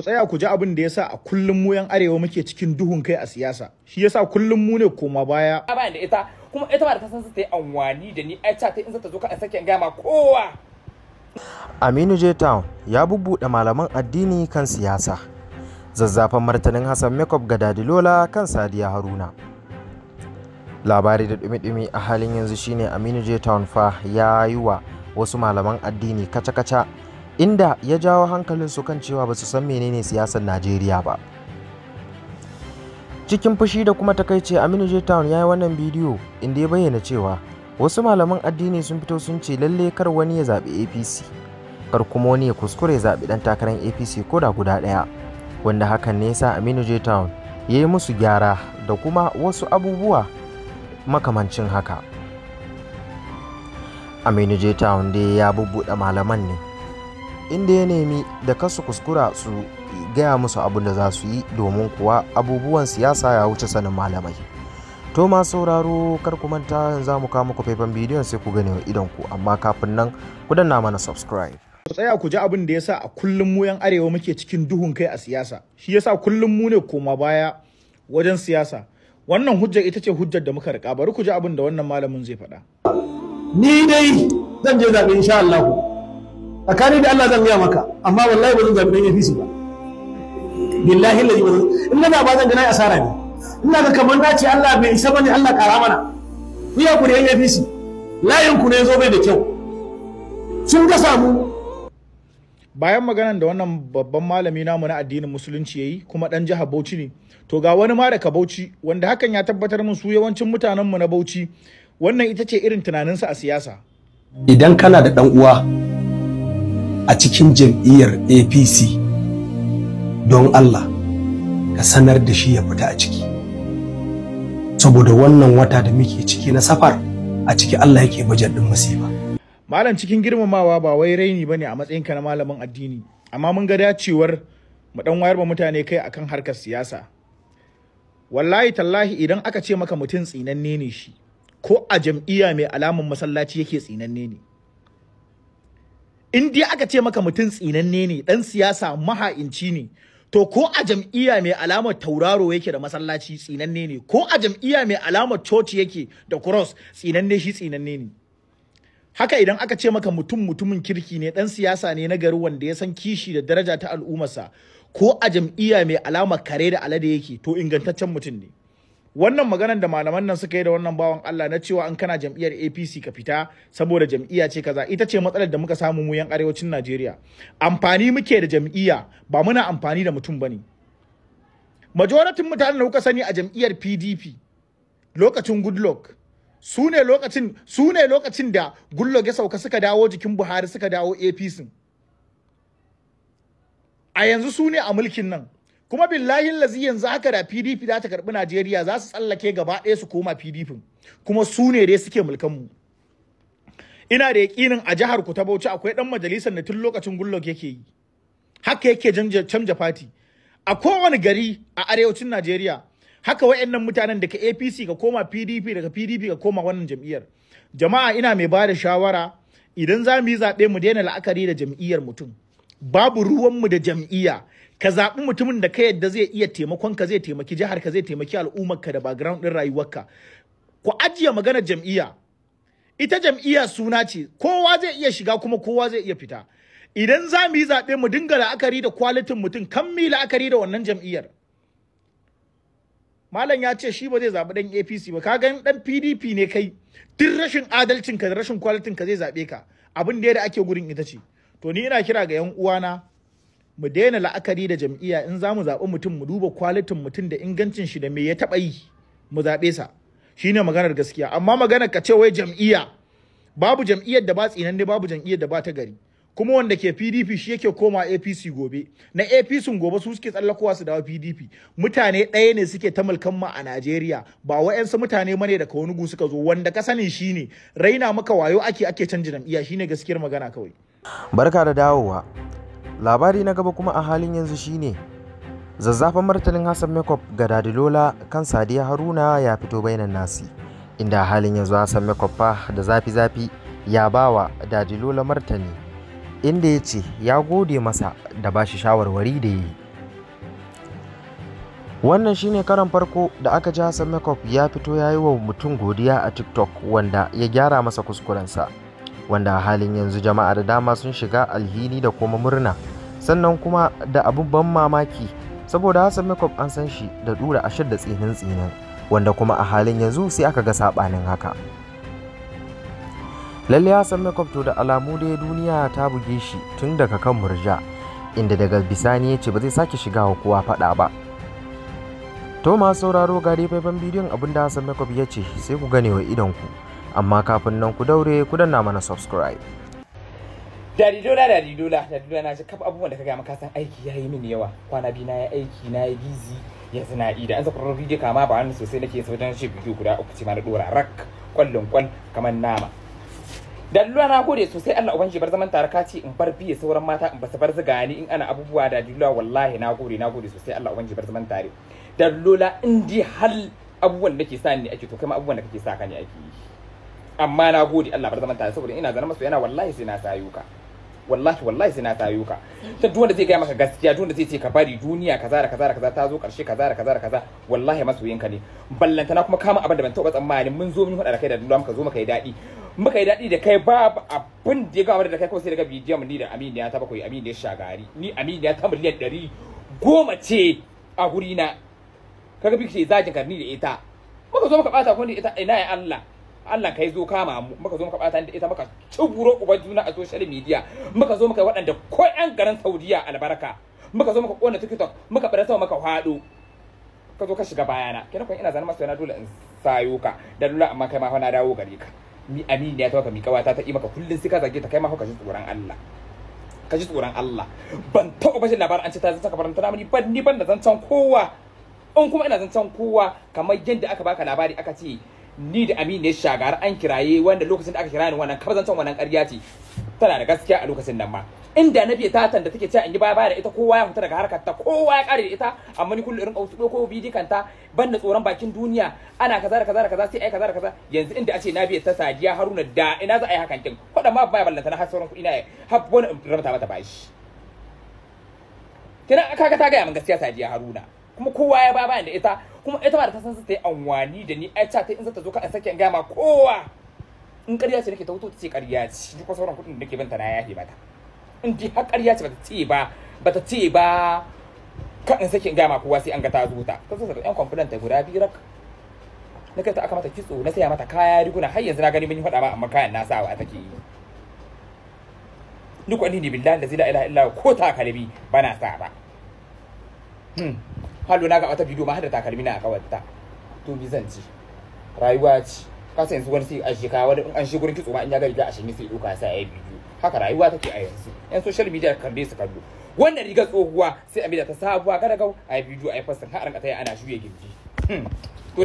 ku tsaya ku ji abin da yasa a kullum mu yan arewa muke cikin duhun kai a siyasa shi yasa kullum mu ne koma baya ba da ita kuma ita ba da kasan su ta yi anwani da ni ai ta in za ta zo ka sake gama kowa Aminu J Town ya bubbuɗe malaman addini kan siyasa zazzafan martanin Hassan Makeup ga Dadilola kan Sadiya Haruna labari da dumi-dumi a halin yanzu shine Aminu J Town fa ya yi wa wasu malaman addini kaca-kaca inda ya jawo hankalin su kan cewa ba su san menene siyasar Najeriya ba. Cikin fushi da kuma takaice Aminu J Town ya yi wannan bidiyo inda ya bayyana cewa wasu malaman addini sun fito sun ce lalle kar wani ya zaɓi APC kar kuma wani ya kuskure zaɓi ɗan takarar APC ko da guda ɗaya wanda hakan ne sa Aminu J Town ya yi musu gyara da kuma wasu abubuwa makamancin haka. Aminu J Town dai ya bubbuɗe malaman ne inda ya nemi da kasu kuskura su gaya musu abin da za su yi domin kuwa abubuwan siyasa ya wuce sanin malamai to ma sauraro kar ku manta za mu kawo muku faifan bidiyon sai ku gane idan ku amma kafin nan ku danna mana subscribe ku tsaya ku ji abin da yasa a kullum mu yan arewa muke cikin duhun kai a siyasa shi yasa kullum mu ne koma baya wajen siyasa wannan hujjar ita ce hujjar da muka rika bari ku ji abin da wannan malamin zai faɗa ni dai zan je zaɓe insha Allah tsakani da Allah zan gaya maka amma wallahi ba zan zabi dan su ba billahi lillahi ba in na ba zan ga nayi asara ne ina ga kamar na Allah bai isa bane Allah kara mana Ni ya kure da su. layin ku ne zo bai da kyau sun ga samu bayan maganan da wannan babban malami namu na addinin musulunci yayi kuma dan jihar Bauchi ne to ga wani ma daga Bauchi wanda hakan ya tabbatar mun su yawancin mutanen mu na Bauchi wannan ita ce irin tunaninsa a siyasa idan kana da dan uwa a cikin jam'iyyar apc don allah ka sanar da shi ya fita a ciki saboda wannan wata da muke ciki na safar a ciki allah yake bajar din masifa malam cikin girmamawa ba wai raini bane a ka na malamin addini amma mun ga dacewar mu dan wayar ba mutane kai akan harkar siyasa wallahi tallahi idan aka ce maka mutum tsinanne ne shi ko a jam'iyya mai alamun masallaci yake tsinanne ne in dai aka ce maka mutum tsinanne ne dan siyasa maha'inci ne to ko a jam'iyya mai alamar tauraro yake da masallaci tsinanne ne ko a jam'iyya mai alamar coci yake da cross tsinanne shi tsinanne ne haka idan aka ce maka mutum mutumin kirki ne dan siyasa ne na gari wanda ya san kishi da daraja ta al'ummarsa ko a jam'iyya mai alamar kare da alade yake to ingantaccen mutum ne wannan maganar da malaman nan suka yi da wannan bawan Allah na cewa an kana jam'iyyar APC ka fita saboda jam'iyya ce kaza ita ce matsalar da muka samu mu yan arewacin Najeriya amfani muke da jam'iyya ba muna amfani da mutum bane majoratin mutanen da kuka sani a jam'iyyar PDP lokacin Goodluck su ne lokacin su ne lokacin da Goodluck ya sauka suka dawo jikin Buhari suka dawo APC a yanzu su ne a mulkin nan kuma billahi lazi yanzu haka da PDP za ta karbi Najeriya za su tsallake gaba ɗaya su koma PDP kuma su ne dai suke mulkan mu ina da yakinin a jihar ku ta Bauchi akwai dan majalisar da tun lokacin gullok yake yi haka yake canja fati a kowane gari a arewacin Najeriya haka wayannan mutanen daga APC ka koma PDP daga PDP ka koma wannan jam'iyyar jama'a ina mai bada shawara idan za mu yi zaɓe mu daina la'akari da jam'iyyar mutum babu ruwanmu da jam'iyya ka zaɓi mutumin da ka yadda zai iya taimakon ka zai taimaki jihar ka zai taimaki al'ummar ka da background din rayuwarka ku ajiye maganar jam'iyya ita jam'iyya suna ce kowa zai iya shiga kuma kowa zai iya fita idan za mu yi zaɓe mu dinga la'akari da kwalitin mutum kan mi la'akari da wannan jam'iyyar malam ya ce shi ba zai zaɓi ɗan apc ba ka gan ɗan pdp ne kai duk rashin adalcin ka da rashin kwalitin ka zai zaɓe ka abin da ya da ake gurin ita ce to ni ina kira ga yan uwana mu daina la'akari da jam'iyya in za mu zaɓi mutum mu duba kwalitin mutum da ingancin shi da me ya taɓa yi mu zaɓe sa shine maganar gaskiya amma maganar ka ce wai jam'iyya babu jam'iyyar da ba tsinan babu jam'iyyar da ba ta gari kuma wanda ke PDP shi yake koma APC gobe na APC gobe su suke tsallakowa su dawo PDP mutane ɗaya ne suke ta mulkan ma a Najeriya ba wa'yansu mutane mane daga wani gu suka zo wanda ka sani ne raina maka wayo ake ake canji jam'iyya shine gaskiyar magana kawai barka da dawowa labari na gaba kuma a halin yanzu shine zazzafan martanin hassan makeup ga dadilola kan sadiya haruna ya fito bainan nasi inda a halin yanzu hassan makeup fa da zafi-zafi ya bawa dadilola martani inda ya ce ya gode masa da ba shi shawarwari da yi wannan shine karan farko da aka ji hassan makeup ya fito ya yi wa mutum godiya a tiktok wanda ya gyara masa kuskurensa wanda a halin yanzu jama'a da dama sun shiga alhini da kuma murna sannan kuma da abin ban mamaki saboda hasan Makeup an san shi da dura ashir da tsinin tsinin wanda kuma a halin yanzu sai aka ga sabanin haka lalle hasan Makeup to da alamu dai duniya ta buge shi tun daga kan murja inda daga bisani ya ce ba zai sake shiga wa kowa fada ba to masu sauraro ga dai faifan bidiyon abin da Hassan Makeup ya ce sai ku gane wa idonku ku amma kafin nan ku daure ku danna mana subscribe dadi dola dadi dola dadi dola na ji kaf abubuwan da ka maka san aiki ya yi mini yawa kwana biyu na yi aiki na yi gizi ya na ida an zakurar bidiyo kama ba wani sosai nake yin don shi bidiyo guda uku ce ma na dora rak kwallon kwal kamar nama dalilwa na gode sosai Allah ubanji bar zaman tare kaci in bar biye sauran mata in basu bar zuga ni in ana abubuwa da dalilwa wallahi na gode na gode sosai Allah ubanji bar zaman tare dalilola in di hal abubuwan da ke sa ni ake to kai ma abubuwan da kake sa ka ne ake yi amma na gode Allah bar zaman tare saboda ina zanen masu yana wallahi sai na sayo ka wallahi wallahi sai na sayo ka ta duk wanda zai gaya maka gaskiya duk wanda zai ce ka bari duniya kaza da kaza da kaza ta zo karshe kaza da kaza da kaza wallahi masoyin ka ne na kuma kama abin da ban taɓa tsammani mun zo mun faɗa da kai da duniya muka zo muka yi daɗi muka yi daɗi da kai babu abin da ya gawa da kai kawai sai daga bidiyon mun ni da Aminu ya ta bakwai Aminu ya shagari ni Aminu ya ta miliyan 100 goma ce a na kaga biki zajin karni da ita muka zo muka ɓata kun da ita ina ya Allah Allah kai zo kama mu muka zo muka bata da ita muka ciburo uba juna a social media muka zo muka waɗanda ko yan garin Saudiya albarka muka zo muka kona TikTok muka bar sama muka hado ka zo ka shiga bayana kina kun ina zan masa yana dole in sayo ka da dole amma kai ma fa na dawo gare ka mi amini ya tawaka mi kawata ta yi maka kullun sai ka zage ta kai ma ka ji tsoron Allah ka ji tsoron Allah ban taɓa bashin labarin an ce ta zan saka faranta namuni ban ni ban da zan san kowa in kuma ina zan san kowa kamar yadda aka baka labari aka ce ni da Aminu ne shagara an kiraye wanda lokacin da aka kira ni wannan kabzantan wannan ƙarya ce tana da gaskiya a lokacin nan ma inda na biya tatan da take cewa in yi baya baya da ita kowa ya fita daga harkar ta kowa ya kare da ita amma ni kullum irin kausu doko bidi kanta banda tsoron bakin duniya ana kaza da kaza da kaza sai ai kaza da kaza yanzu inda ace na biya ta Sadiya Haruna da ina za a yi hakan kin kodan ma baya ballanta na har sauran kuɗi na ya har wani rabata mata bashi kina kaga ta ga min gaskiya Sadiya Haruna kuma kowa ya baya da ita kuma ita ma da ta san ta yi anwani da ni ai ta in za ta zo ka an sake an gama ma kowa in ƙarya ce nake ta wuto ta ce ƙarya ce duk sauran kuɗin da nake banta na yafe mata in dai har ƙarya ce bata ce ba bata ce ba ka in sake in gama ma kowa sai an ga ta zo ta ta zo ta yan kwamfulan ta guda biyu rak na kai ta aka mata kitso na saya mata kaya riguna har yanzu na gani mun yi faɗa ba amma kayan na sawa take yi duk wani ne billahi da zai la ilaha illa ko takalmi bana sa ba hmm. halu na ga wata bidiyo ma har da takalmi na a kawarta to bi zan ci rayuwa ce ka san yanzu wani sai a shika wani an shi gurin kitso ma in ya ga riga a shanye sai duka sai ayi bidiyo haka rayuwa take a yanzu yan social media kalle su kallo wannan rigar tsohuwa sai a ta sabuwa kada ga ayi bidiyo ayi fasin har an ka ana shuye gindi hmm.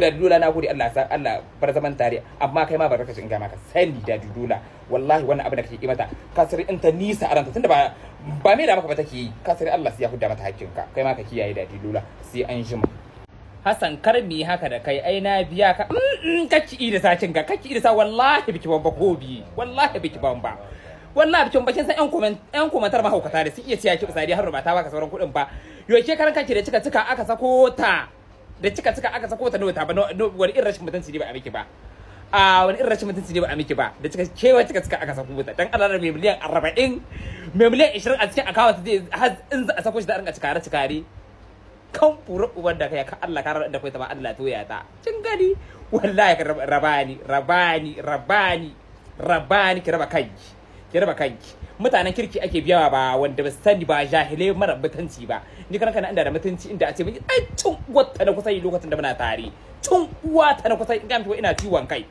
to da dola na gode Allah san Allah bar zaman tare amma kai ma barkacin in ga maka sani da dola wallahi wannan abin da kake kimata mata kasar in ta nisa aranta tunda ba ba me da maka ba take yi kasar Allah sai ya hudda mata ka kai ma ka kiyaye da dola sai an jima Hassan kar haka da kai ai na biya ka kacci ida sacin ka kacci ida sa wallahi biki ban ba ko wallahi biki ban ba wallahi biki ban san yan comment yan komentar ma haukata da su iya ciya ki usadi har ba ta baka sauran kuɗin ba yo ke karan kake da cika cika aka sako ta da cika cika aka sako ta nota ba wani irin rashin mutunci ne ba a miki ba a wani irin rashin mutunci ne ba a miki ba da cika kewa cika cika aka sako ta dan alarar mai miliyan 40 mai miliyan 20 a cikin account zai har in za a sako shi da rinka cikare cikare kan furu uban da kai ka Allah ka da kai ta ba Allah toya ta kin gani wallahi ka rabani rabani rabani rabani ki raba kanki ki raba kanki mutanen kirki ake biyawa ba wanda ba sani ba jahilai mara mutunci ba ni kan kana inda da mutunci inda a ce mai ai tun wata na kusa lokacin da muna tare tun wata na kusa ina ina ciwon kai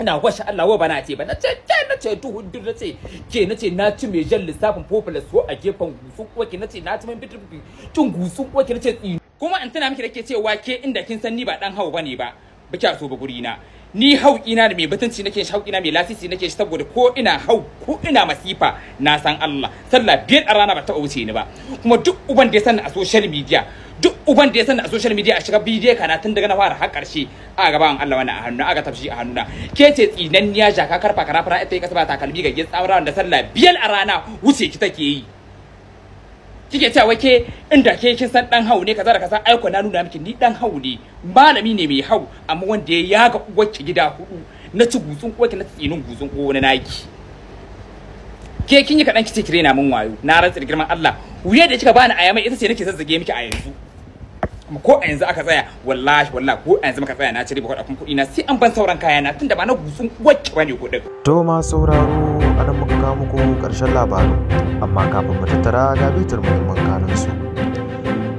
ina washe Allah wa bana ce ba na ce ke na ce duhu duk na ce ke na ce na ci mai jan lissafin popular so a gefen gusu kuwa ke na ce na ci mai bitin cin gusu kuwa ke na ce kuma in tana miki da ke cewa ke inda kin san ni ba dan hau bane ba ba kya so ba guri na ni hau ina da mai batunci nake shi hau ina mai lasisi nake shi saboda ko ina hau ko ina masifa na san Allah sallah biyar a rana ba ta wuce ni ba kuma duk uban da ya sani a social media duk uban da ya sani a social media a shiga bidiyo kana tun daga na fara har karshe a gaban Allah wannan a hannu ga tafshi a na ke ce tsinanniya jaka karfa karafara ita yi kasaba takalmi ga gitsa da sallah biyar a rana wuce ki take yi kike cewa ke inda ke kin san dan hau ne kaza da kaza aiko na nuna miki ni dan hau ne malami ne mai hau amma wanda ya yaga uwarki gida hudu na ci gutsun uwarki na tsinin gutsun ko na naki ke kin yi kadan kice ki rena min wayo na rantsa girman Allah wuya da kika bani ayama ita ce nake zazzage miki a yanzu ko a yanzu aka tsaya wallahi wallahi ko a yanzu muka tsaya na cire bakwai bakwadakun kuɗi na sai an ban sauran kaya na tunda ba na gusun wacce ba ne din. to ma sauraro a nan muka kawo muku ƙarshen labarin amma kafin mu tattara ga bitar muhimman kanun su.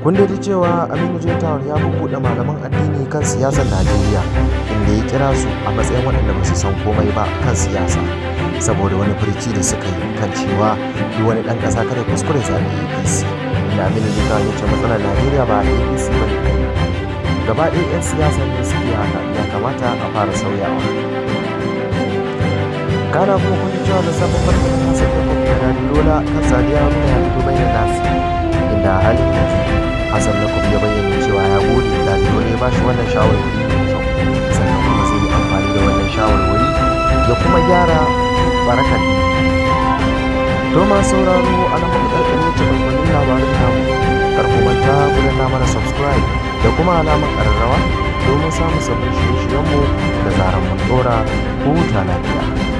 kun da cewa aminu jetawar ya bubuɗe malaman addini kan siyasar najeriya inda ya kira su a matsayin waɗanda ba su san komai ba kan siyasa saboda wani furci da suka yi kan cewa duk wani ɗan ƙasa kada kuskure zaɓe apc da aminu jetawar ya ce matsalar najeriya ba apc gaba ɗaya 'yan siyasar da suke haka ya kamata a fara sauyawa kana kuma kun cewa da sabon da kasa da kuma lola kan sadiya mai ya fito bayan nasi inda halin yanzu hassan kuma ya bayyana cewa ya gode da dole ba shi wannan shawarwari da kyau sannan kuma zai yi amfani da wannan shawarwari ya kuma gyara barakar to ma sauraro a nan muka ƙarƙare ta labarin namu kar ku manta ku danna mana subscribe da kuma alamar ƙararrawa domin samun sabbin shirye-shiryenmu da zaren mun ko lafiya.